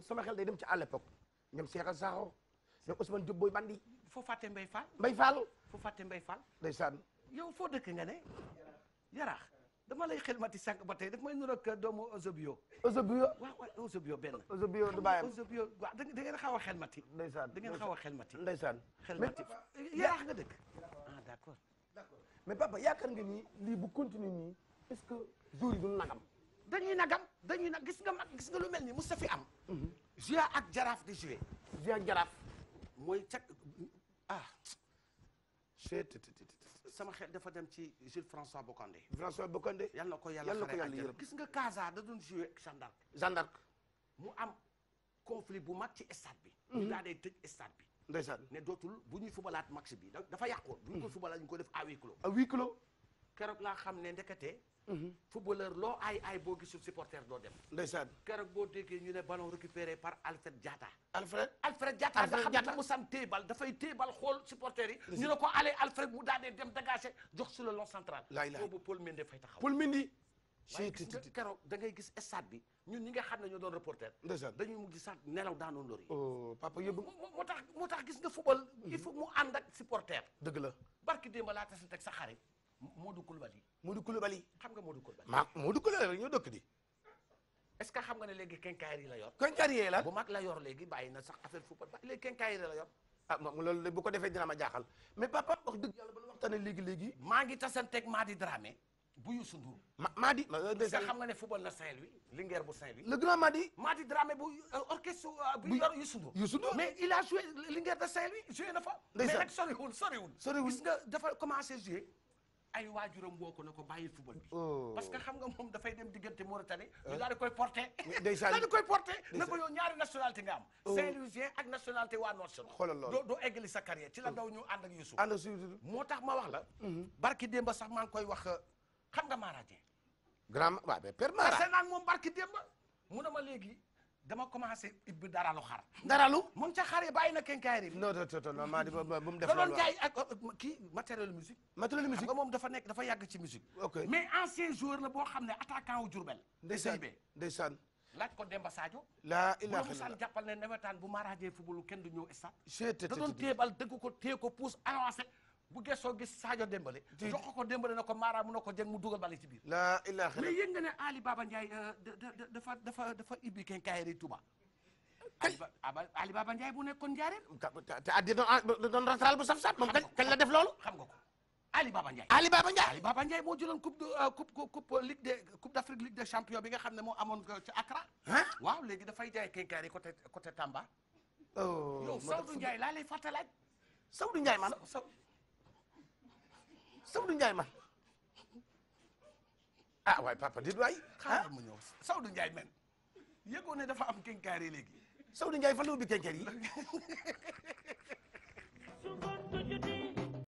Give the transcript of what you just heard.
sama xel day dem ci à l'époque ñoom Cheikh Sakho ñoom Ousmane Diop booy bandi. foo fàtte mbay Fall. Mbaye Fall. foo fàtte Mbaye Fall. ndeysaan. yow foo dëkk nga ne. yaraax dama lay xelmati sànq ba tey daf may nuroog doomu Eusebio. Eusebio waaw waaw Eusebio da ngeen xaw a xelmati. xaw a xelmati. ndeysaan xelmati eh, yaraax nga dëkk. ah d'accord. d'accord mais papa yaakaar nga ni lii bu continue nii est-ce que jour yi du nagam. dañuy nagam dañuy nag gis nga mag gis nga lu mel ni mu sa fi am Gia ak jaraaf di joué. Gia ak jaraaf. mooy cag ah. sama xel dafa dem ci Jules François Bocandé. François Bocandé. yal na ko yàlla xale yërëm gis nga Casa da doon joué Jeanne d'Arc. Jeanne mu am conflit bu mag ci stade bi. Mhm. ñu daal day tëj stade bi. ndeysaan ne dootul bu ñuy fubalaat match bi dafa yàqoon. bu ñu ko mhm. fubalaat ñu ko def à huis clos. à keroog laa xam ne ndekete. Mhm. footballeur loo ay aay boo gisul supporter doo dem. ndeysaan keroog boo déggee ñu ne ballon récupéré par Alfred Diatta. Alfred Alfred Diatta nga xam ne mu sam téebal dafay téebal xool supporter yi. ñu ne ko allez Alfred mu daal di dem dégagé jox sur le long central. laay laay boobu Paul Mendy fay taxaw. Paul Mendy. waaye keroog da ngay gis stade bi ñun ñi nga xam ne ñoo doon reporter. ndeysaan dañuy mujj sax nelaw daanoon lor yi. Oh, papa moo tax moo tax gis nga football. il faut mu ànd ak supporter. dëgg la barki démb laa tase teg sa xarit moo Koulibaly. Modou Koulibaly. xam nga Modou Koulibaly. moo Modou Koulibaly ñoo dëkk di. est ce que xam nga ne léegi quincaillerie la yor. quincaillerie la bu mag la yor léegi bàyyi na sax affaire football ba léegi quincaillerie la yor. ah moom loolu bu ko defee dina ma jaaxal mais papa wax dëgg yàlla ba nu waxtaanee léegi léegi. maa ngi tasanteeg Madi Dramé. bu Youssou Ndour. ma Madi. Euh, est ce nga ne football na Saint-Louis. Linguère bu Saint-Louis. le grand Madi. Madi Dramé bu euh, orchestre euh, bu yor Youssou Ndour. Youssou Ndour mais il a joué Linguère nga dafa commencé ay waajuram woo ko na ko bàyyil football bi. Oh. parce que xam nga moom dafay dem diggante moo eh? ñu daal di koy porté. ndeysaan daal di koy porté. na ko yow ñaari nationalité nga am. Oh. Saint-Louisien ak nationalité waa Nord Sud. xoolal doo doo eggali sa carrière ci la oh. daw ñu ànd ak Youssouf. moo tax ma wax la. Mm-hmm. barki ba sax maa ngi koy wax xam nga Mara Dieng. grand waaw mais père Mara. parce que naan moom mu ne ma léegi. dama commencé ibbi daralu xar. daralu moom ca xar yi bàyyi na kenkaayri. non non non non maa di ba mu def. loolu jaay ak euh, euh, kii matériel musique. matériel musique xam moom dafa nekk dafa yàgg ci musique. ok mais ancien joueur la boo xam ne attaquant wu Diourbel. ndeysaan ndeysaan laaj ko Demba Sadio. laa ilaaha illallaah mu jàppal ne nawetaan bu maraajee football kenn du ñëw stade. da doon téebal dëgg ko téye ko bu gëstoo gis Sadio Dembélé jox ko Dembélé na ko Mara mu na ko jëng mu dugal bale ci biir la ilaha mais yëg nga ne Ali Baba Ndiaye euh, dafa dafa dafa ibbi ken kaayeri Touba ah Ali Baba Ndiaye bu nekkoon njaareer te addi doon ah, rastral bu saf-saf moom la def loolu xam nga ko Ali Baba Ndiaye Ali Baba Ndiaye Ali Baba Ndiaye moo jëloon coupe euh, coupe coupe euh, ligue des coupe d'Afrique ligue des champions bi nga xam ne moo amoon ci Accra waaw léegi dafay jaay kenkaari côté côté Tamba oh, yow Sawdu Ndiaye laa lay fàttalaaj Sawdu Ndiaye maanaam Sawdu Njaay ma ah waay papa dit waay xaaral ah. ma ñëw Sawdu Njaay men yëgoo ne dafa am kenkaari léegi Sawdu Njaay fan la ubbi kenkaari